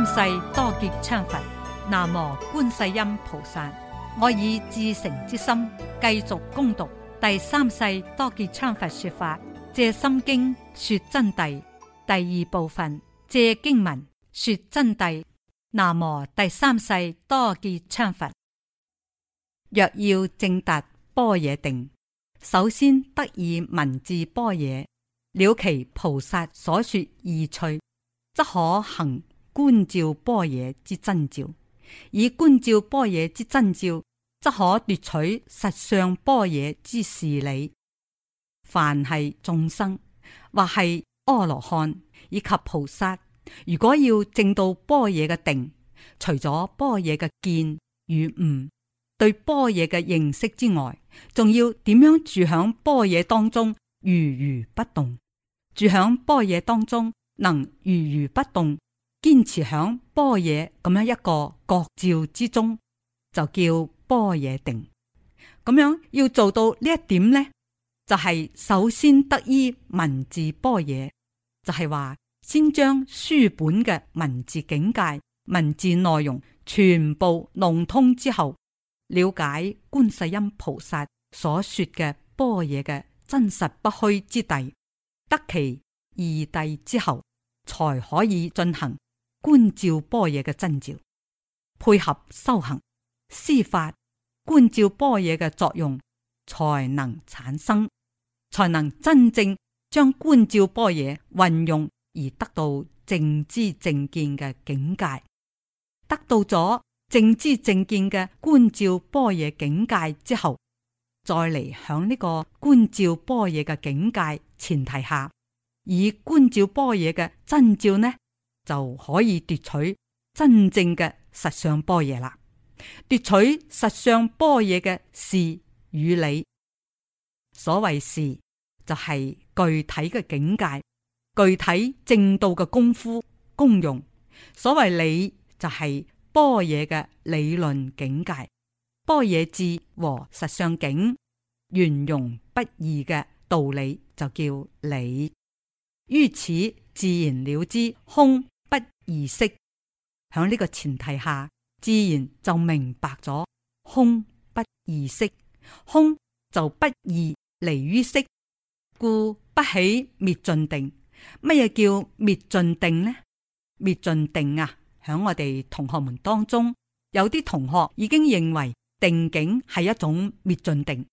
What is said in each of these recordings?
三世多杰羌佛，南無觀世音菩薩。我以至誠之心，繼續攻讀第三世多杰羌佛說法《藉心經》說真諦第二部分《藉經文說真諦》，南無第三世多杰羌佛。若要證達般若定，首先得以文字般若了其菩薩所說義趣，則可行。觀照般若之真照，以觀照般若之真照，則可奪取實相般若之事理。凡係眾生或係阿羅漢以及菩薩，如果要證到般若嘅定，除咗般若嘅見與悟對般若嘅認識之外，仲要點樣住響般若當中如如不動？住響般若當中能如如不動？堅持響般若咁樣一個國照之中，就叫般若定。咁樣要做到呢一點呢，就係、是、首先得依文字般若，就係、是、話先將書本嘅文字境界、文字內容全部弄通之後，了解觀世音菩薩所說嘅般若嘅真實不虛之地，得其義諦之後，才可以進行。觀照般若嘅真照，配合修行、司法、觀照般若嘅作用，才能產生，才能真正將觀照般若運用而得到正知正見嘅境界。得到咗正知正見嘅觀照般若境界之後，再嚟響呢個觀照般若嘅境界前提下，以觀照般若嘅真照呢，就可以奪取真正嘅實相般若啦。奪取實相般若嘅事與理。所謂事是，就係具體嘅境界、具體正道嘅功夫功用。所謂理，就係般若嘅理論境界、般若智和實相境圓融不二嘅道理，就叫理。於此自然了之空。意識響呢個前提下，自然就明白咗「空不易色，空就不易離於色」。故不起滅盡定。乜嘢叫滅盡定呢？滅盡定啊！喺我哋同學們當中，有啲同學已經認為定境係一種滅盡定，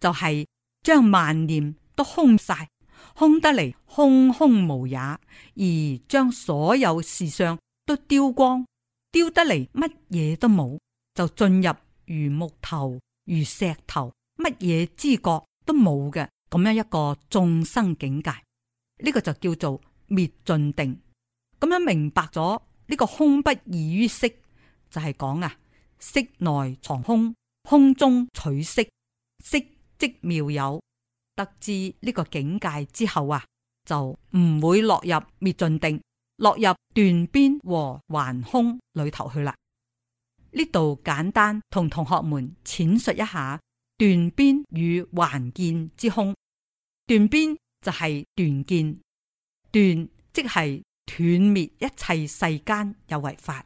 就係、是、將萬念都空晒。空得嚟空空無也，而將所有事相都丟光，丟得嚟乜嘢都冇，就進入如木頭、如石頭，乜嘢知覺都冇嘅咁樣一個眾生境界。呢、這個就叫做滅盡定。咁樣明白咗呢、這個空不異於色，就係、是、講啊，色內藏空，空中取色，色即妙有。得知呢個境界之後啊，就唔會落入滅盡定，落入斷邊和頑空裏頭去啦。呢度簡單同同學們闡述一下斷邊與頑見之空。斷邊就係斷見，斷即係斷滅一切世間有為法，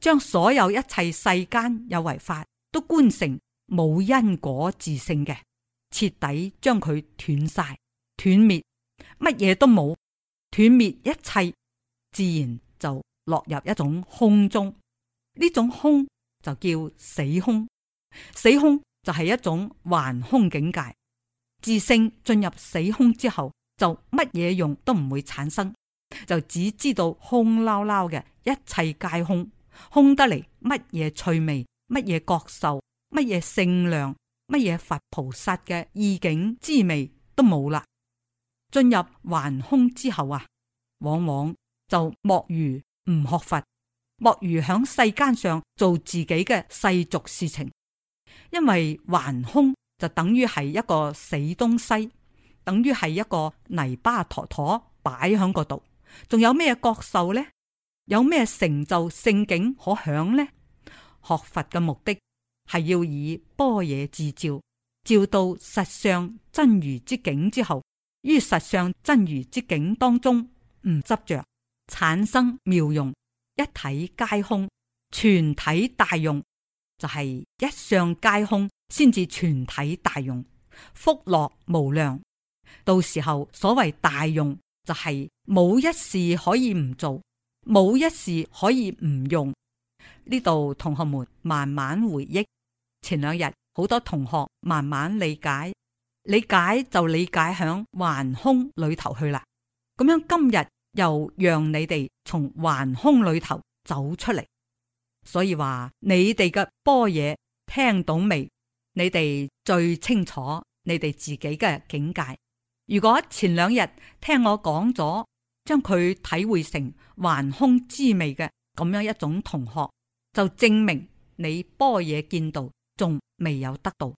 將所有一切世間有為法都觀成冇因果自性嘅。徹底將佢斷晒、斷滅，乜嘢都冇，斷滅一切，自然就落入一種空中。呢種空就叫死空，死空就係一種頑空境界。自性進入死空之後，就乜嘢用都唔會產生，就只知道空撈撈嘅一切皆空，空得嚟乜嘢趣味，乜嘢覺受，乜嘢性量。乜嘢佛菩薩嘅意境滋味都冇啦！進入還空之後啊，往往就莫如唔學佛，莫如響世間上做自己嘅世俗事情。因為還空就等於係一個死東西，等於係一個泥巴坨坨擺喺嗰度。仲有咩覺受呢？有咩成就聖境可享呢？學佛嘅目的，係要以般若自照，照到實相真如之境之後，於實相真如之境當中唔執着，產生妙用，一體皆空，全體大用，就係、是、一相皆空，先至全體大用，福樂無量。到時候所謂大用，就係、是、冇一事可以唔做，冇一事可以唔用。呢度同學們慢慢回憶前兩日，好多同學慢慢理解，理解就理解響環空裏頭去啦。咁樣今日又讓你哋從環空裏頭走出嚟，所以話你哋嘅般若聽懂未？你哋最清楚你哋自己嘅境界。如果前兩日聽我講咗，將佢體會成環空滋味嘅咁樣一種同學。就證明你般若見到仲未有得到。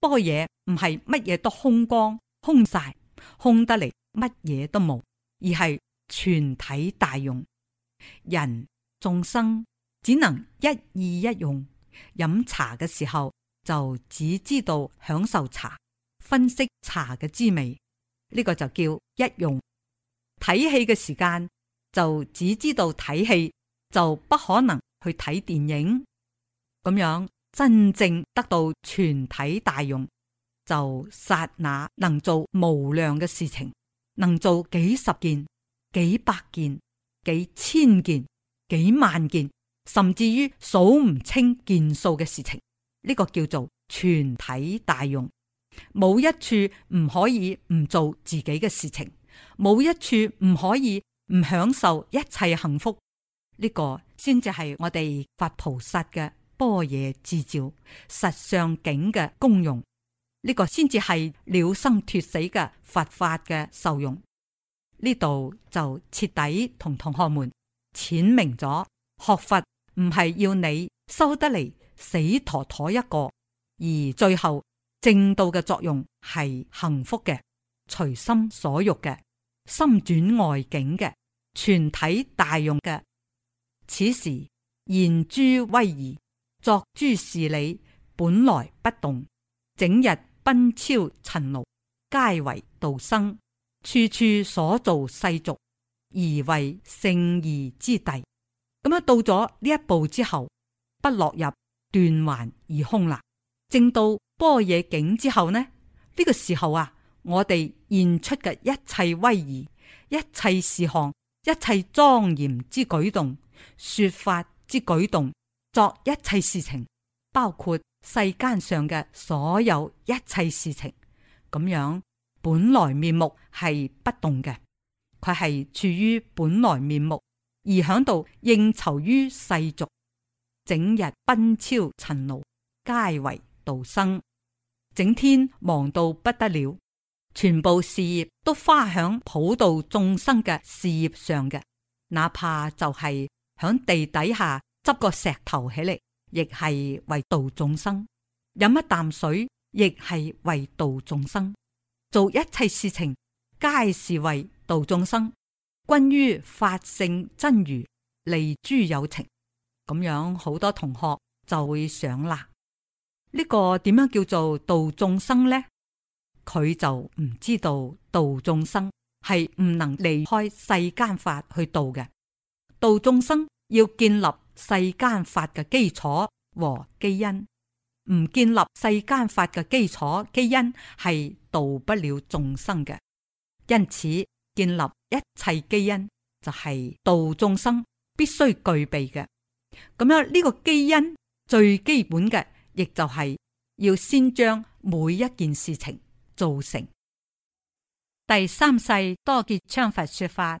般若唔係乜嘢都空光空晒空得嚟，乜嘢都冇，而係全體大用。人眾生只能一意一用。飲茶嘅時候就只知道享受茶，分析茶嘅滋味，呢個就叫一用。睇戲嘅時間就只知道睇戲，就不可能去睇電影咁樣，真正得到全體大用，就剎那能做無量嘅事情，能做幾十件、幾百件、幾千件、幾萬件，甚至於數唔清件數嘅事情。呢個叫做全體大用，冇一處唔可以唔做自己嘅事情，冇一處唔可以唔享受一切幸福。呢個。先至係我哋佛菩薩嘅般若智照實相境嘅功用，呢、呢個先至係了生脱死嘅佛法嘅受用。呢度就徹底同同學們闡明咗，學佛唔係要你收得嚟，死陀陀一個，而最後正道嘅作用係幸福嘅，隨心所欲嘅，心轉外境嘅，全體大用嘅。此時現諸威儀，作諸事理，本來不動，整日奔超塵勞，皆為道生。處處所造世俗而為聖義之地，咁樣到咗呢一步之後，不落入斷環而空啦。正到般若境之後呢？呢、呢個時候啊，我哋現出嘅一切威儀、一切事項、一切莊嚴之舉動。說法之舉動，作一切事情，包括世間上嘅所有一切事情，咁樣本來面目係不動嘅，佢係處於本來面目，而喺度應酬於世俗，整日奔超塵勞，皆為度生，整天忙到不得了，全部事業都花響普度眾生嘅事業上嘅，哪怕就係、是。響地底下執個石頭起嚟，亦係為度眾生；飲一啖水，亦係為度眾生；做一切事情，皆是為度眾生。均於法性真如，利諸有情。咁樣好多同學就會想啦，呢、呢個點樣叫做度眾生呢？佢就唔知道度眾生係唔能離開世間法去度嘅。度眾生要建立世間法嘅基礎和基因，唔建立世間法嘅基礎基因係度不了眾生嘅。因此，建立一切基因就係度眾生必須具備嘅。咁樣呢，這個基因最基本嘅，亦就係要先將每一件事情造成。第三世多杰羌佛說法。